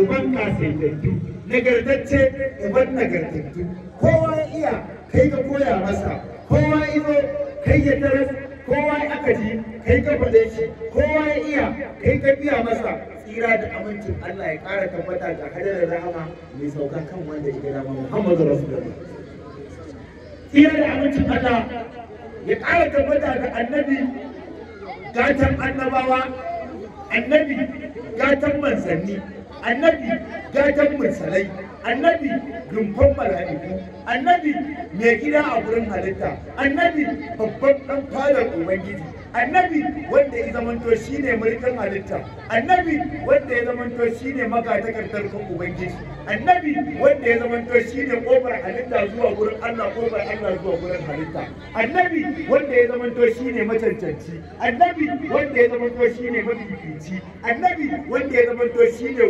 uban kasaitattu nagartacce uban nagartattu kowa ya iya kai ka koya masa kowa ya izo kai ya taras kowa aka ji kai ka faɗe shi kowa ya iya kai ka biya masa tsira da amincin Allah ya ƙara tabbata ga hadarin rahama mai sauka kan wanda ya gina ma Muhammadu Rasulullah tsira da amincin Allah ya ƙara tabbata ga annabi gatan annabawa annabi gatan manzanni annabi gatan mursalai annabi rumfan mala'iku annabi mai gida a gurin halitta annabi babban dan fadar ubangiji annabi wanda ya zamanto shine mulkin halitta annabi wanda ya zamanto shine magatakar kan ubangiji annabi wanda ya zamanto shine kofar halitta zuwa gurin Allah kofar Allah zuwa gurin halitta annabi wanda ya zamanto shine macancanci annabi wanda ya zamanto shine mafifici annabi wanda ya zamanto shine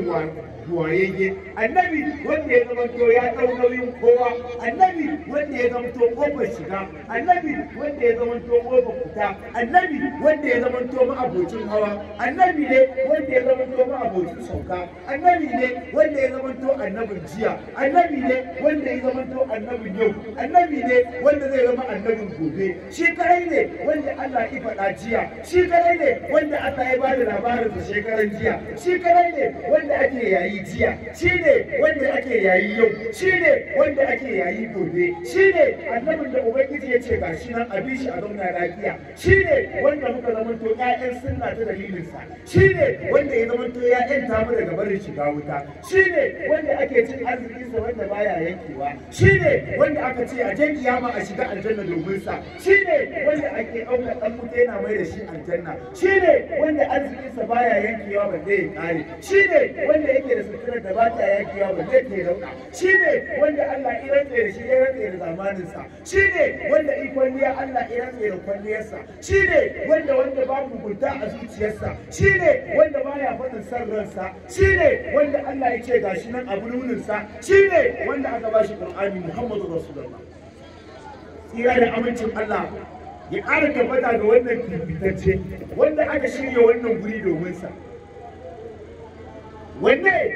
waye-waye. annabi wanda ya zamanto ya dau nauyin kowa annabi wanda ya zamanto kofar shiga annabi wanda ya zamanto kofar fita annabi annabi wanda ya zama to abocin hawa annabi ne wanda ya zama to abocin sauka annabi ne wanda ya zama to annabin jiya annabi ne wanda ya zama to annabin yau annabi ne wanda zai zama annabin gobe shi kadai ne wanda Allah ya faɗa jiya shi kadai ne wanda Allah ya bada labarin da shekaran jiya shi kadai ne wanda ake yayi jiya shi ne wanda ake yayi yau shi ne wanda ake yayi gobe shi ne annabin da ubangiji ya ce shi nan a bi shi a zauna lafiya shi ne wanda muka zamanto ƴaƴan sunna ta dalilinsa shi ne wanda ya zamanto 'ya'yan ta mu daga barin shiga wuta shi ne wanda ake cin arzikinsa wanda baya yankewa shi ne wanda aka ce a jan kiyama a shiga aljanna domin sa shi ne wanda ake ɗaukar ɗan wuta yana mai da shi aljanna shi ne wanda arzikinsa baya yankewa ba zai kare shi ne wanda yake da suturar da ba ta yankewa ba zai ke rauna shi ne wanda Allah ya rantse da shi ya rantse da zamaninsa shi ne wanda ikon Allah ya rantse da kwalliyarsa shi ne shine wanda wanda babu mugunta a zuciyarsa shine wanda ba ya faɗin san ransa ne wanda Allah ya ce gashi nan abu Shi ne wanda aka ba shi Qur'ani Muhammadu Rasulullah ira da amincin Allah ya ƙara tabbata ga wannan fifitacce wanda aka shirya wannan guri domin sa wanne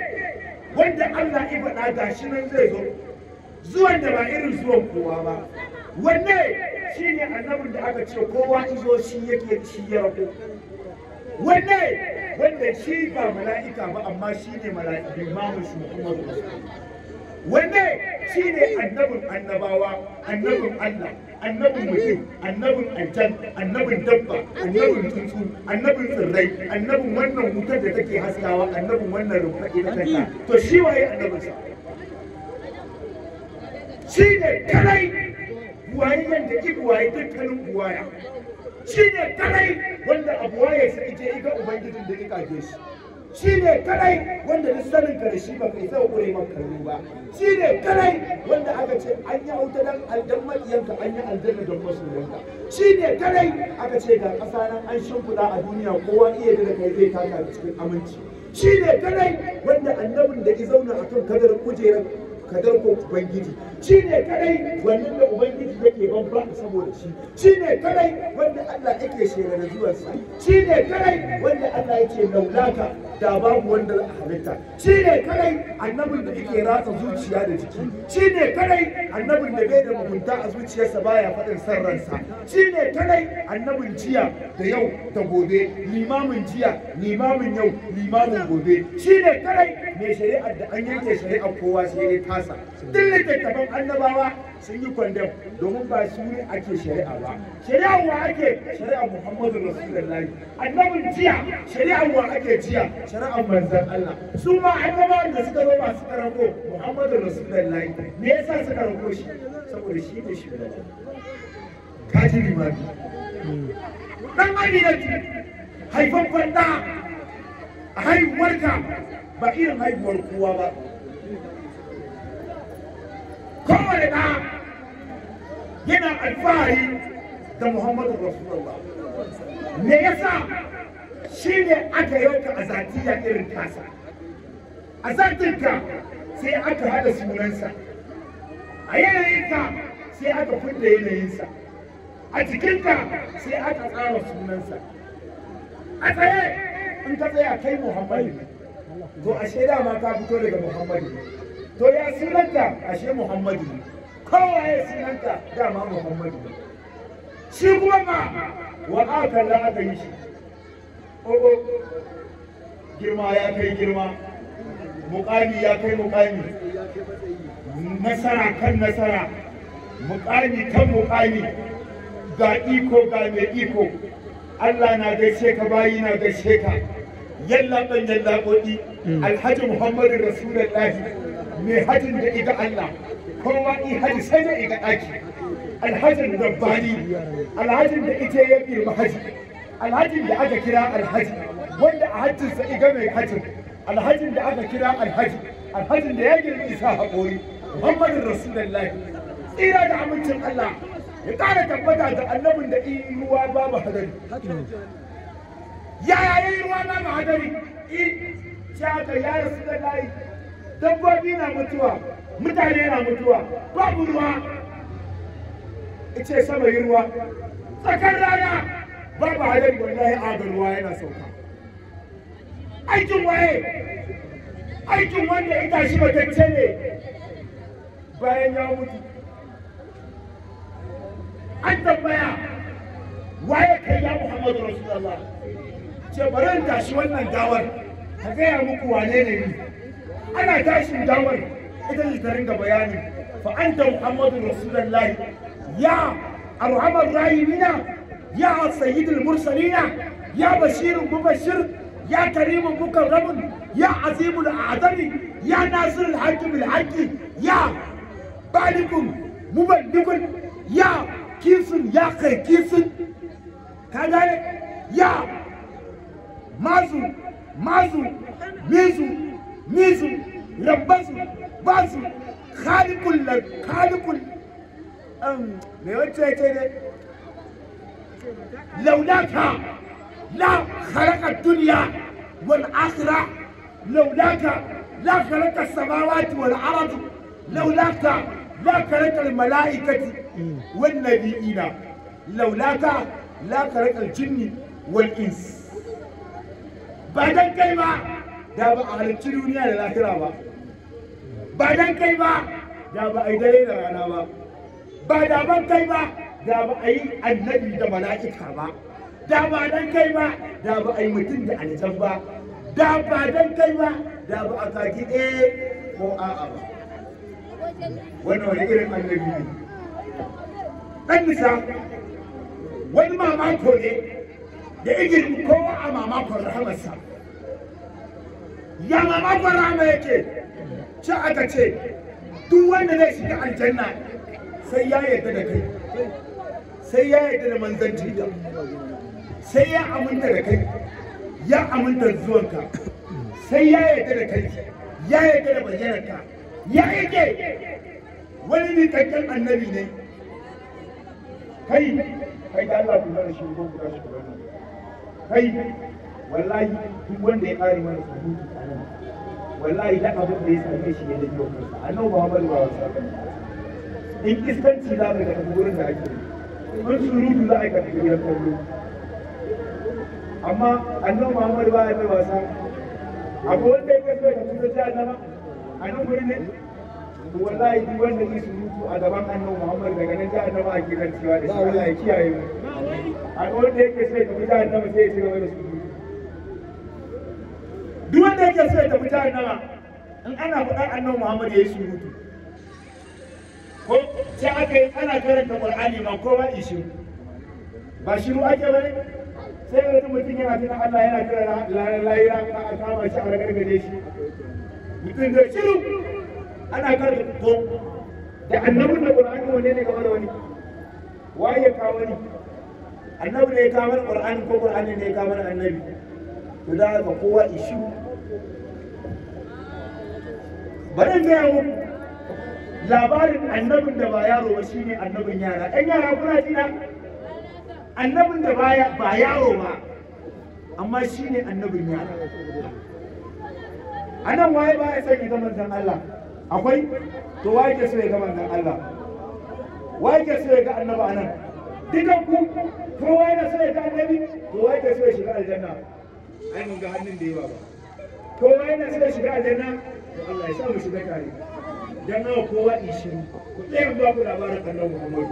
wanda Allah ya faɗa gashi nan zai zo zuwan da ba irin zuwan kowa ba wanne shi ne annabin da aka ce kowa izo shi yake ci ya rabu wanne wanda shi ba mala'ika ba amma shi ne mala'ika imamu shi wanne shi ne annabin annabawa annabin allah annabin mutum annabin aljan annabin dabba annabin tsuntsu annabin tsirrai annabin wannan wutar da take haskawa annabin wannan rufaɗi da kanta to shi waye annabinsa shi ne kadai buwayi nan da ki buwayi dukkanin buwaya shi ne kadai wanda abuwa ya sa ije iga ubangijin da ika ke shi shi ne kadai wanda duk sanin karshe ba kai zai kure man ba shi ne kadai wanda aka ce an yi auta dan aljan maƙiyanka an yi aljanna don masoyanka shi ne kadai aka ce ga ƙasa nan an shimfiɗa a duniya kowa iya da kai zai taka cikin aminci shi ne kadai wanda annabin da ya zauna akan kadarin kujerar Kadar ko ubangiji shi ne kadai wannan da ubangiji yake ban saboda shi shi ne kadai wanda Allah yake shera da zuwansa shi ne kadai wanda Allah yake laulaka da babu wanda za a halitta shi ne kadai annabin da yake ratsa zuciya da jiki shi ne kadai annabin da bai da mugunta a zuciyarsa baya faɗin san ransa shi ne kadai annabin jiya da yau da gobe limamin jiya limamin yau limamin gobe shi ne kadai mai shari'ar da an yanke shari'ar kowa sai ya tasa duk littattafan annabawa sun yi kwandam domin ba su ne ake shari'a ba shari'ar wa ake shari'ar muhammadu rasulullahi annabin jiya shari'ar wa ake jiya shari'ar manzan allah su ma annabawan da suka zo masu karako muhammadu rasulullahi me yasa suka rako shi saboda shi ne shi ka ji limami dan adinanci haifan kwanda a haihuwarka ba irin haihuwar kowa ba kowane ɗa yana alfahari da muhammadu rasulullah me yasa shi ne aka yanka a zatiya irin tasa a zatinka sai aka haɗa sunansa a yanayinka sai aka kunda yanayinsa a jikinka sai aka tsara sunansa a tsaye in ka tsaya kai muhammadu to ashe dama ka fito daga muhammadu to ya sunanta ashe muhammadu kowa ya sunanta dama muhammadu shi kuma ma wa aka la aka yi shi ogo girma ya kai girma muƙami ya kai mukami nasara kan nasara muƙami kan muƙami, ga iko ga mai iko Allah na gaishe ka bayi na gaishe ka yalla ɗan yalla goɗi alhaji muhammadu rasulullahi mai hajin da iga allah kowa i haji sai da iga ɗaki alhajin rabbani alhajin da ita ya bi mahaji alhajin da aka kira alhaji wanda a hajjinsa iga mai hajin alhajin da aka kira alhaji alhajin da ya girbi sa haƙori muhammadu rasulullahi tsira da amincin allah ya ƙara tabbata da annabin da iya ruwa babu hadari yaya ya yi ruwa na ma'adari in shaka ya rasu da layi dabbobi na mutuwa mutane na mutuwa babu ruwa ce sama yi ruwa tsakar rana babu hadari wallahi adar ruwa yana sauka aikin waye aikin wanda ita matacce ne bayan ya mutu an tambaya waye kai ya muhammadu rasulullah ce bari in tashi wannan dawar ka gaya muku wane ne ni ana tashin dawar ita ce ta ringa bayani fa anta muhammadu rasulullahi ya arhamar rahimina ya sayyidul mursalina ya bashirun mubashir ya karimun mukarramun يا عظيم الأعظم يا ناصر الحق بالحق يا بالغ مبلغ يا كيف يا خير كيف كذا يا مازو مازو ميزو ميزو ربازو بازو خالق كل خالق كل ام إيه لولاك لا خلق الدنيا والآخرة لولاك لا خلق السماوات والأرض لولاك لا خلق الملائكة والنبيين لولاك لا خلق الجن والإنس ba dan kai ba da ba a halicci duniya da lahira ba ba dan kai ba da ba a yi dare da rana ba ba da ban kai ba da ba a yi annabi da mala'ika ba da ba dan kai ba da ba a yi mutum da aljan ba da ba dan kai ba da ba a kaki ɗaya ko a'a ba wannan wani irin annabi ne Ɗan nisa wani mamako ne da igirbi kowa a mamakon rahamarsa ya mamakon rahama yake ce aka ce duk wanda zai shiga aljanna sai ya yarda da kai sai ya yarda da manzanci da sai ya aminta da kai ya aminta zuwanka sai ya yarda da kai ya yarda da bayyanarka ya yake wani nikakken annabi ne kai kai da Allah ku zara shi ko ku kashi ku kai wallahi duk wanda ya kare mana surutu a nan wallahi da abin da ya same shi ya da yau kansa a nan ba wasa kan in kiskanci za mu daga wurin da ake in surutu za a ga gidan kallo amma annabi Muhammad ba ya mai wasa akwai wanda ya kasa ka tuta ta nama? a nan wurin ne to wallahi duk wanda ya surutu a gaban annabi Muhammad daga nan ta nama a gidan cewa da shi Allah ya kiyaye mu a wanda yake so ya tafi jahannama sai ya ci gaba da su duk wanda yake so ya tafi jahannama in ana faɗa annabi Muhammad ya yi surutu ko sai aka yi ana karanta Qur'ani ko ba ishin ba shiru ake sai wani mutum yana tuna Allah yana kira lahira a kama shi a ragargaje shi mutum zai shiru ana karanta ko da annabun da Qur'ani wane ne gaba da wani waye ya kawo ni annabi ne ya kawo mana qur'ani ko qur'ani ne ya kawo mana annabi Ku da ga kowa ishu bari ga mu labarin annabin da ba yaro ba shine annabin yara ɗan yara kuna jina annabin da ba yaro ba amma shine annabin yara a waye ba ya son ya ga manzon Allah akwai to waye ke so ya ga manzon Allah waye ke so ya ga annabi anan dukan ku kowa yana so ya ga annabi kowa yana so ya shiga aljanna ai mun ga hannun da yawa ba kowa yana so ya shiga aljanna to Allah ya sa mu shiga tare dan nawa kowa in shiru ku tsaya ba ku labarin annabi Muhammad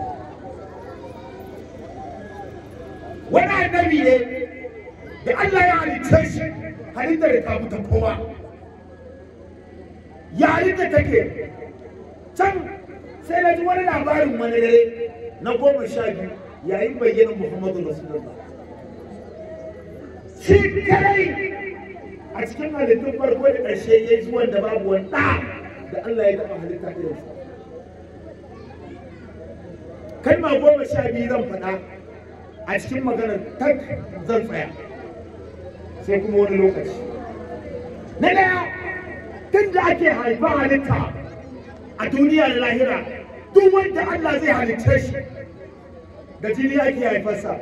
wani annabi ne da Allah ya halitta shi halittar ta mutan kowa ya halitta take can sai na ji wani labarin wani dare na goma sha biyu yayin bayyanar muhammadu rasulullah shi kadai a cikin halittun farko da ƙarshe ya yi zuwan da babu wani da allah ya taɓa halitta Kai ma goma sha biyu zan faɗa a cikin maganar tak zan tsaya sai kuma wani lokaci na ɗaya tun da ake haifa halitta a duniyar lahira duk wanda allah zai halitta shi da jini ake haifarsa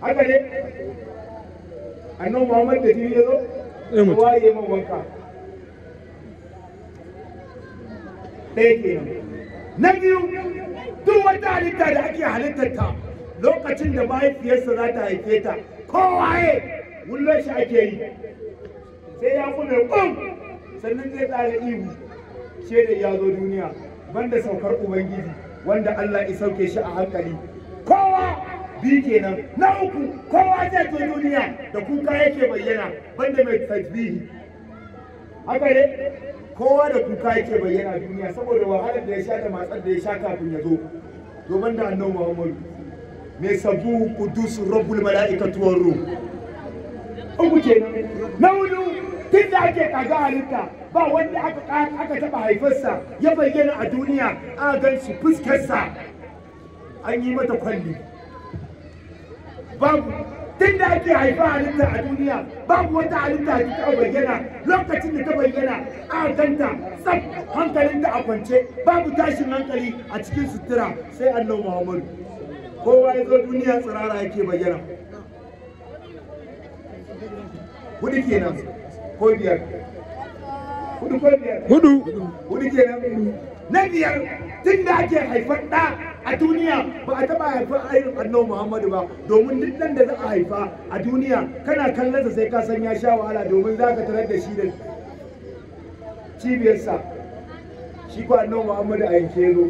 haka ne annan muhammad da jini ya zo kowa ya yi man wanka ɗaya na biyu duk wata halitta da ake halittar ta lokacin da mahaifiyarsa za ta haife ta kowa ya wullon shi ake yi sai ya kuna ƙun sannan zai tsara ihu shaidar ya zo duniya banda saukar ubangiji wanda Allah ya sauke shi a hankali kowa biyu kenan na uku kowa zai to duniya da kuka yake bayyana banda mai tasbihi haka ne kowa da kuka yake bayyana duniya saboda wahalar da ya sha da matsar da ya sha kafin ya zo domin da annabi Muhammadu mai sabu kudus rabbul mala'ikatu war ruh uku kenan na hudu tun da ake kaga halitta ba wanda aka taba haifarsa ya bayyana a duniya a gan su fuskarsa an yi mata kwalli babu tun da ake haifa halitta a duniya babu wata halitta da ta bayyana lokacin da ta bayyana a ganta tsaf hankalinta a kwance babu tashin hankali a cikin sutura sai annabi muhammadu kowa ya zo duniya tsirara yake bayyana hudu kenan ko biyar hudu ko biyar hudu hudu kenan na biyar tun da ake haifar da a duniya ba a taɓa haifar ayin annabi muhammadu ba domin duk ɗan da za a haifa a duniya kana kallonsa sai ka san ya sha wahala domin za ka tarar da shi da cibiyarsa shi ko annabi muhammadu a yanke zo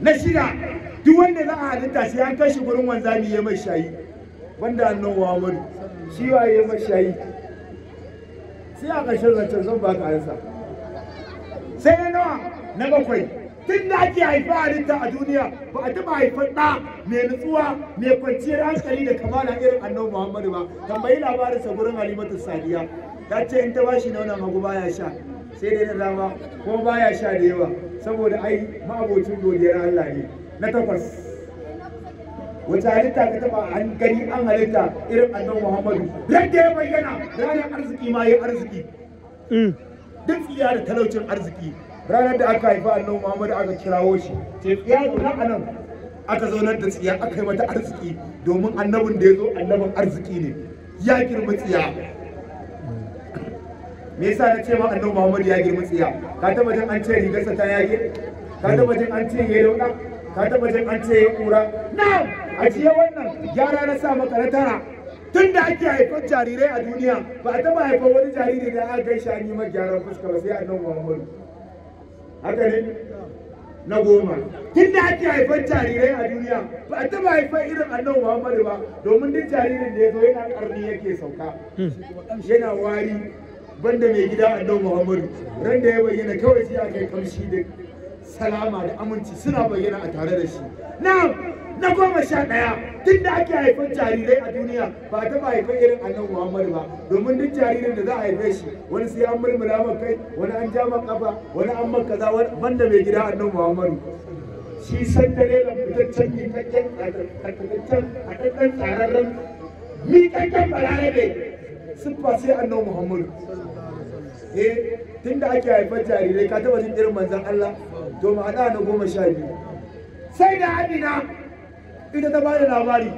na shida duk wanda za a halitta sai an kai shi gurin wanzami ya mai shayi wanda annabi muhammadu shi waye ya mai shayi sai a ƙarshen zancen zan ba ka sai na nawa na bakwai tun da ake haifa halitta a duniya ba a taɓa haifar ɗa mai nutsuwa mai kwanciyar hankali da kamala irin annabi muhammadu ba tambayi labarinsa gurin halimatu sadiya ta ce in ta ba shi na wannan ba baya sha sai dai na dama kuma baya sha da yawa saboda ai ma'abocin godiyar allah ne na takwas wata halitta ka taba an gani an halitta irin annabi muhammadu yadda ya bayyana ranar arziki ma ya arziki mm. duk tsiya da talaucin arziki ranar da aka haifa annabi muhammadu aka kirawo shi ce tsiya zuwa a nan aka zaunar da tsiya aka yi mata arziki domin annabin da ya zo annabin arziki ne ya girma tsiya me yasa na ce ma annabi muhammadu ya girma tsiya ka taba jin an ce rigarsa ta yage ka taba jin an ce ya yi dauka ka taba jin an ce ya kura na'am ajiye wannan gyara na sa maka na tara tun da ake haifar jarirai a duniya ba a taba haifar wani jariri da aka gaisha an yi mai gyaran fuska ba sai a annan muhammadu haka ne na goma tun da ake haifar jarirai a duniya ba a taba haifar irin annan muhammadu ba domin duk jaririn da ya zo yana karni yake sauka yana wari banda mai gida annan muhammadu ran da ya bayyana kawai sai a kai kamshi da salama da aminci suna bayyana a tare da shi na'am na goma sha ɗaya tun da ake haifan jarirai a duniya ba ta ba haifan irin annan muhammadu ba domin duk jaririn da za a haife shi wani sai an mulmula man kai wani an ja man kafa wani an man kaza banda mai gida annan muhammadu shi san dare da fitaccen mikakken kakken a ɗanɗan tsararren kakken balare ne siffa sai annan muhammadu eh tun da ake haifan jarirai ka taɓa jin irin manzan allah to ma'ana na goma sha biyu sai da amina ita ta bada labari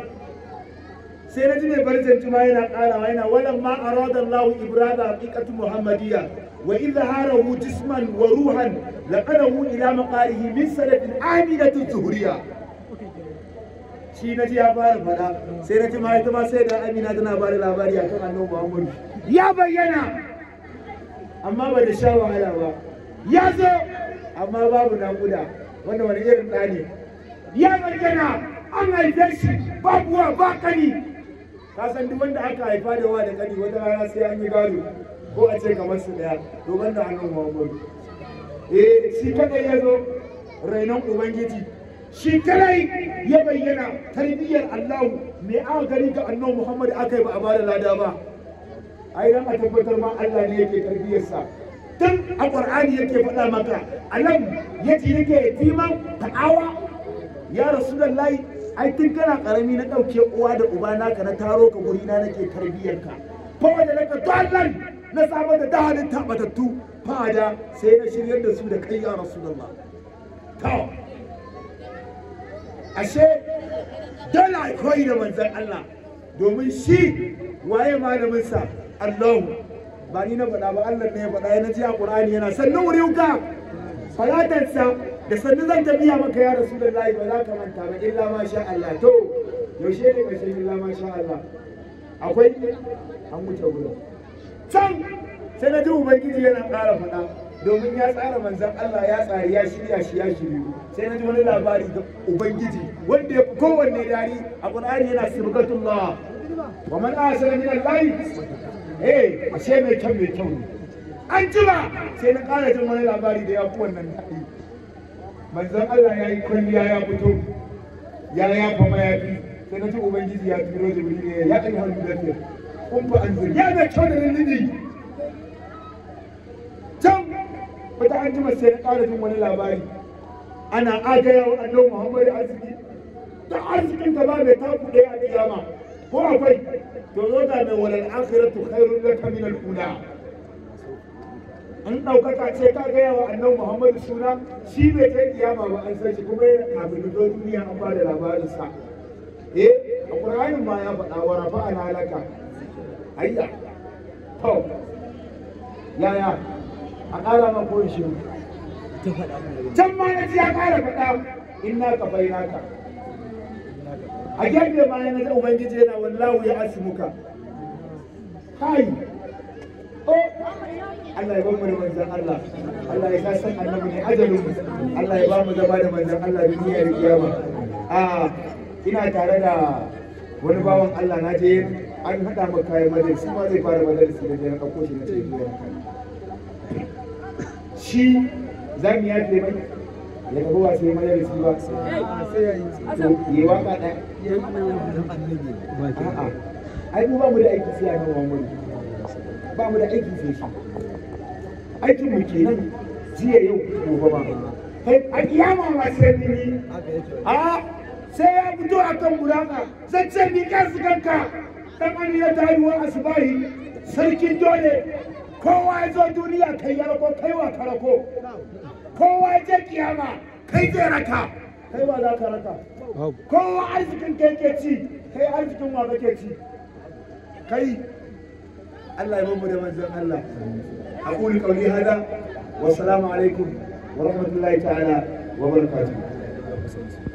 sai na ji mai barzanci ma yana karawa yana walan ma arada Ibrahim ibrada haqiqatu muhammadiyya wa izharahu jisman wa ruhan laqadahu ila maqarihi min salatin amidatin zuhriya shi na ji ya fara fada sai na ji ma ita ma sai da amina tana ba da labari akan annabi muhammadu ya bayyana amma ba da sha wahala ba ya zo amma babu naƙuda wanda wani irin ɗani ya bayyana an haife shi babu wa ba kani ka san duk wanda aka haifa da wa da kani wata rana sai an yi gado ko a ce kamar su daya domin da wa Muhammad eh shi kadai ya zo rainon ubangiji shi kadai ya bayyana tarbiyyar Allah me aka gari ga annabi Muhammad yi ba a bada lada ba ai dan a tabbatar ma Allah ne yake sa. tun a ƙwar'ani yake faɗa maka anan yaji ya ce yake yatiman ta'awa ya rasu da layi ai tun kana karami na ɗauke uwa da uba naka na taro ka guri na nake tarbiyarka ka fa da laka dallan na saba da dahalin tabatattu fa da sai na shiryar da su da kai ya rasulullah to ashe dole a koyi da manzon Allah domin shi waye malamin sa Allahu ba ni na faɗa ba Allah ne ya faɗa ya naji a Qur'ani yana sannan wuri ka falatansa da sannu zan ta biya maka ya rasu da layi ba za ka manta ba illa ma sha Allah to yaushe ne ka shi illa ma sha Allah akwai an wuce gurin can sai na ji ubangiji yana ƙara faɗa domin ya tsara manzan Allah ya tsari ya shirya shi ya shiryu sai na ji wani labari da ubangiji wanda ya fi kowanne dari a ƙur'ani yana sirgatullah wa man asara min al-bayt eh ashe mai kyau mai kyau ne an jima sai na ƙara jin wani labari da ya fi wannan daɗi manzan Allah ya yi kwalliya ya fito ya yafa mayafi sai na ce ubangiji ya turo jibril ya kai hannu da kun ba an ya da kyau da lullubi can wata an ji sai na ƙara jin wani labari ana agaya wa annabi muhammadu arziki da arzikin ta ba mai taku ɗaya a kiyama ko akwai to zo da mai walal akhiratu khairun laka min al-ula An ɗaukaka ce ta gaya wa annan muhammadu suna shi bai kai kiyama ba an san shi kuma yana kafin da duniya an ba da labarinsa eh a ƙur'anin ma ya faɗa wa rafa an halaka ayya to yaya a ƙara man koyin shi can ma na ji ya ƙara faɗa inna ka bai naka. a gefe ma yana da ubangiji yana wallahu ya asimuka kai Allah ya bamu da manzan Allah Allah ya san annabi ne ajalin mu Allah ya bamu zama da manzan Allah duniya da kiyama a ina tare da wani bawan Allah na je an hada mu kayan majalisi ma zai fara majalisi da jiran ɗauko shi na ce zuwa shi za mu yafe mai ya tafi ba sai su ba to yi waka ɗaya a'a ai mu ba mu da aiki sai a kan wani ba mu da aiki sai shi aikin mu kenan jiya yau gobe ba a kiyama ma sai ni a sai ya fito a kan buraka zan ce ni su kanka dan an ya tayuwa asbahi sarkin dole kowa ya zo duniya kai ya rako kai wa karako kowa ya je kiyama kai zai raka kai ba za ka raka kowa arzikin kai ke ci kai arzikin wa kake ci kai Allah ya mamu da manzan Allah aqulu qawli hada wa assalamu alaikum wa rahmatullahi ta'ala wa barakatuh